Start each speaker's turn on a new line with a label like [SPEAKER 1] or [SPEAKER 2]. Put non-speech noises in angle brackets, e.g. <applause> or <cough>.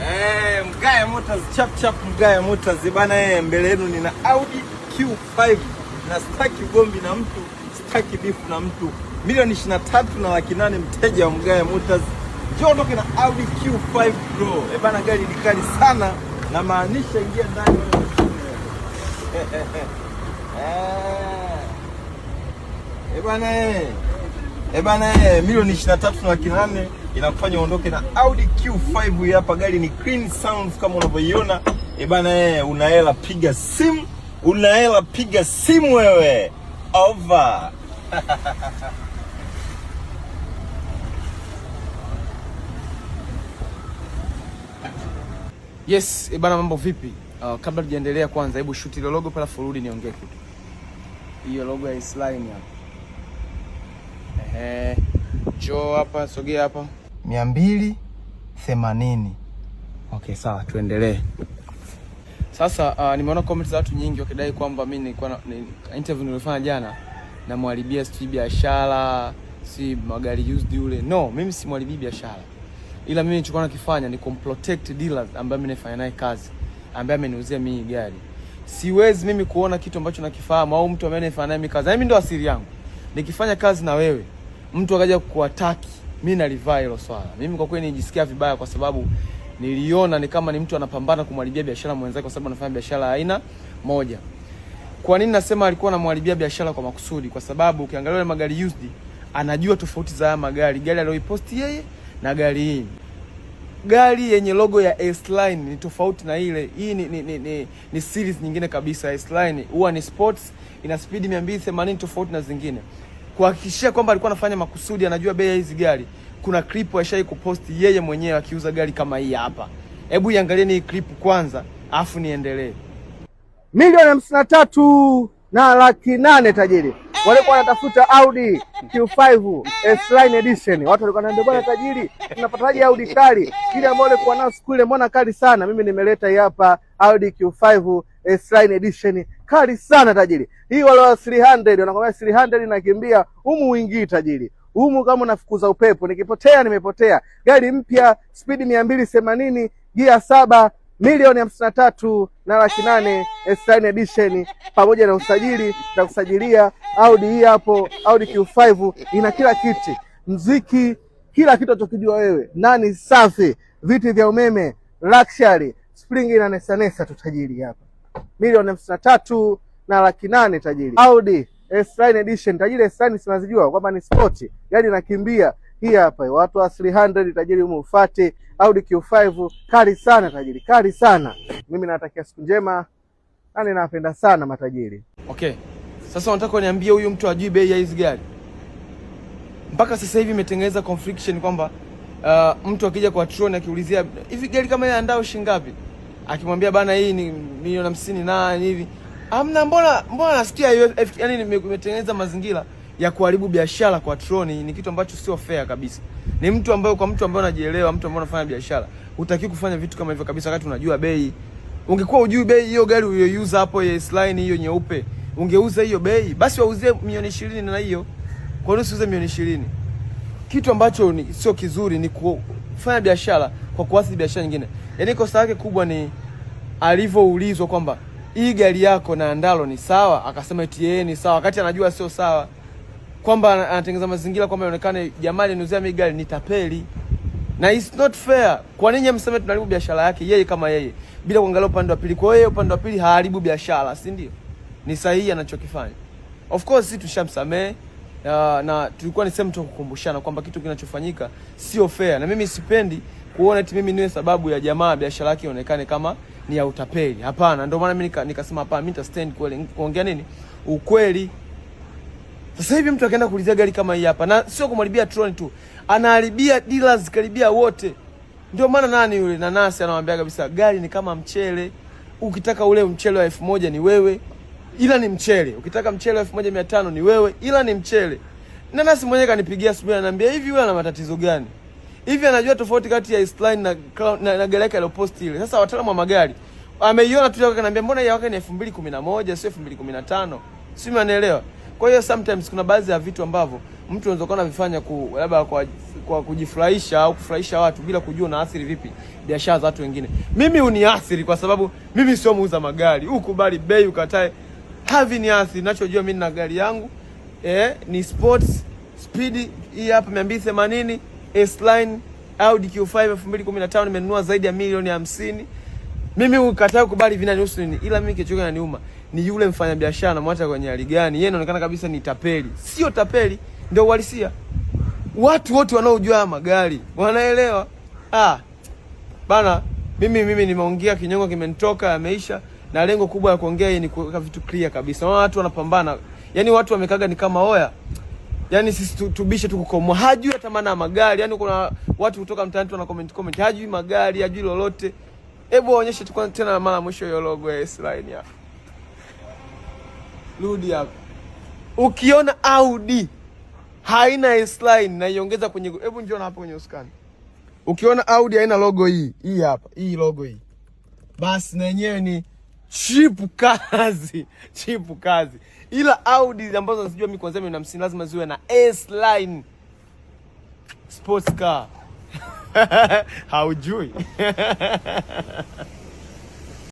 [SPEAKER 1] Eh, Mgaya Motors chap chap, Mgaya Motors bana, yeye eh, mbele yenu nina Audi Q5 na staki gombi na mtu, staki bifu na mtu, milioni 23 na laki nane, mteja wa Mgaya Motors. Njoo ondoke na Audi Q5 Pro. Eh, bana, gari ni kali sana, na maanisha ingia ndani eh, eh, eh bana, eh bana, milioni 23 na laki nane inakufanya uondoke na Audi Q5 hapa. Gari ni clean sounds kama unavyoiona e bana. Yeye una piga simu. unaela piga simu wewe, over <laughs>
[SPEAKER 2] Yes, e bana mambo vipi? Uh, kabla tujaendelea kwanza hebu shoot ile logo pala furudi niongee kitu. Hiyo logo ya Islam hapo. Ehe. Njoo hapa, sogea hapa.
[SPEAKER 3] mia mbili themanini. Okay, sawa, tuendelee
[SPEAKER 2] sasa. Uh, nimeona comments za watu nyingi wakidai kwamba mimi nilikuwa na interview nilifanya jana na mwaribia si biashara si magari used yule. No, mimi si mwaribi biashara, ila mimi nilichokuwa nakifanya ni kumprotect dealers ambaye mimi nafanya naye kazi, ambaye ameniuzia mimi gari. Siwezi mimi kuona kitu ambacho nakifahamu au mtu ambaye anafanya naye kazi. Yaani mimi ndo asili yangu, nikifanya kazi na wewe mtu akaja kuataki, mimi nalivaa hilo swala. Mimi kwa kweli nijisikia vibaya, kwa sababu niliona ni kama ni mtu anapambana kumharibia biashara mwenzake, kwa sababu anafanya biashara aina moja. Kwa nini nasema alikuwa anamharibia biashara kwa makusudi? Kwa sababu ukiangalia magari used, anajua tofauti za magari, gari aliyoiposti yeye na gari hii gari yenye logo ya S-Line ni tofauti na ile hii. Ni, ni, ni, ni, ni series nyingine kabisa. S-Line huwa ni sports, ina speed 280 tofauti na zingine kuhakikishia kwamba alikuwa anafanya makusudi, anajua bei ya hizi gari. Kuna clip aishai kuposti yeye mwenyewe akiuza gari kama hii hapa. Hebu iangalieni hii clip kwanza, afu niendelee.
[SPEAKER 1] Milioni hamsini na tatu na laki nane tajiri walikuwa wanatafuta Audi Q5 S-Line edition. Watu walikuwa wanaambia bwana tajiri, tunapataje Audi kali ile ambayo walikuwa nayo siku ile? Mbona kali sana? Mimi nimeleta hii hapa Audi Q5 S-Line edition kali sana tajiri. Hii wale wa 300 wanakwambia 300 nakimbia humu uingii tajiri. Humu kama unafukuza upepo, nikipotea nimepotea. Gari mpya speed 280 gia saba milioni hamsini na tatu na laki nane S9 edition pamoja na usajili na kusajilia Audi. Hii hapo Audi Q5 ina kila kitu, mziki, kila kitu unachokijua wewe, nani safi, viti vya umeme, luxury, springi na nesanesa tutajiri hapa milioni hamsini na tatu na laki nane tajiri. Audi S-Line Edition tajiri, S-Line sinazijua kwamba ni sporti gari yaani nakimbia Hii hapa watu wa 300 tajiri, umu Audi Q5. Kari sana tajiri, kari sana. Mimi natakia siku njema na ninapenda sana matajiri.
[SPEAKER 2] Okay, sasa unataka uniambie huyu mtu ajui bei ya hizi gari? Mpaka sasa hivi imetengeneza confliction kwamba uh, mtu akija kwa Tron akiulizia hivi gari kama ile andao shilingi ngapi akimwambia bana, hii ni milioni hamsini na hivi amna, ah, mbona mbona nasikia yani eh, nimetengeneza mazingira ya kuharibu biashara kwa Troni ni kitu ambacho sio fair kabisa. Ni mtu ambaye kwa mtu ambaye anajielewa, mtu ambaye anafanya biashara, hutaki kufanya vitu kama hivyo kabisa wakati unajua bei. Ungekuwa ujui bei hiyo gari uliyoiuza hapo ya S-Line hiyo nyeupe, ungeuza hiyo bei, basi wauzie milioni 20 na hiyo. Kwa nini usiuze milioni 20? Kitu ambacho ni sio kizuri ni kufanya biashara kwa kuasi biashara nyingine. Yani kosa yake kubwa ni alivyoulizwa kwamba hii gari yako na andalo ni sawa, akasema eti yeye ni sawa, wakati anajua sio sawa, kwamba anatengeneza mazingira kwamba ionekane jamani, niuzia mi gari ni tapeli, na it's not fair. Kwa nini mseme tunaharibu biashara yake yeye kama yeye bila kuangalia upande wa pili? Kwa hiyo upande wa pili haaribu biashara, si ndio? Ni sahihi anachokifanya. Of course sisi tushamsamehe na, na tulikuwa ni sehemu tu kukumbushana kwamba kitu kinachofanyika sio fair, na mimi sipendi kuona eti mimi niwe sababu ya jamaa biashara yake ionekane kama ni ya utapeli. Hapana, ndio maana mimi nikasema hapana, mimi nitastand kweli kuongea nini ukweli. Sasa hivi mtu akaenda kuulizia gari kama hii hapa, na sio kumharibia troni tu, anaharibia dealers karibia wote. Ndio maana nani yule Nanasi anawaambia kabisa, gari ni kama mchele, ukitaka ule mchele wa elfu moja ni wewe, ila ni mchele. Ukitaka mchele wa elfu moja mia tano ni wewe, ila ni mchele. Nanasi mwenyewe kanipigia asubuhi, ananiambia hivi, wewe ana matatizo gani? hivi anajua tofauti kati ya Eastline na, na, na gari yake aliyoposti ile. Sasa wataalamu wa magari ameiona tu akaniambia, mbona ya yake ni 2011 sio 2015, sio umeelewa? Kwa hiyo sometimes kuna baadhi ya vitu ambavyo mtu anaweza kuwa anavifanya ku labda kwa, kwa kujifurahisha au kufurahisha watu bila kujua naathiri vipi biashara za watu wengine. Mimi uniathiri kwa sababu mimi sio muuza magari, ukubali bei ukatae, havi ni athiri. Ninachojua mimi na gari yangu eh, ni sports speed hii hapa 280 S-Line Audi Q5 2015 nimenunua zaidi ya milioni hamsini. Mimi ukataka kubali vinanihusu nini? Ila mimi kichoka na niuma ni yule mfanyabiashara namwacha kwenye hali gani? Yeye inaonekana kabisa ni tapeli. Sio tapeli, ndio uhalisia. Watu wote wanaojua magari wanaelewa. Ah, bana, mimi mimi nimeongea kinyongo kimenitoka, yameisha na lengo kubwa ya kuongea ni kuweka vitu clear kabisa. Watu wanapambana, yaani watu wamekaga ni kama oya yani sisi tubishe tu hajui hata maana ya magari. Yani kuna watu kutoka mtaani wana comment comment, hajui magari, hajui lolote. Hebu waonyeshe tu tena mara mwisho hiyo logo ya S-Line hapa, rudi hapo. Ukiona Audi haina S-Line na iongeza kwenye, hebu njoo hapo kwenye usukani. Ukiona Audi haina logo hii hii hapa, hii logo hii, basi na yenyewe ni chipu kazi, <laughs> chipu kazi, ila Audi ambazo nazijua mimi kuanzia milioni hamsini lazima ziwe na S line sports car <laughs> haujui <laughs>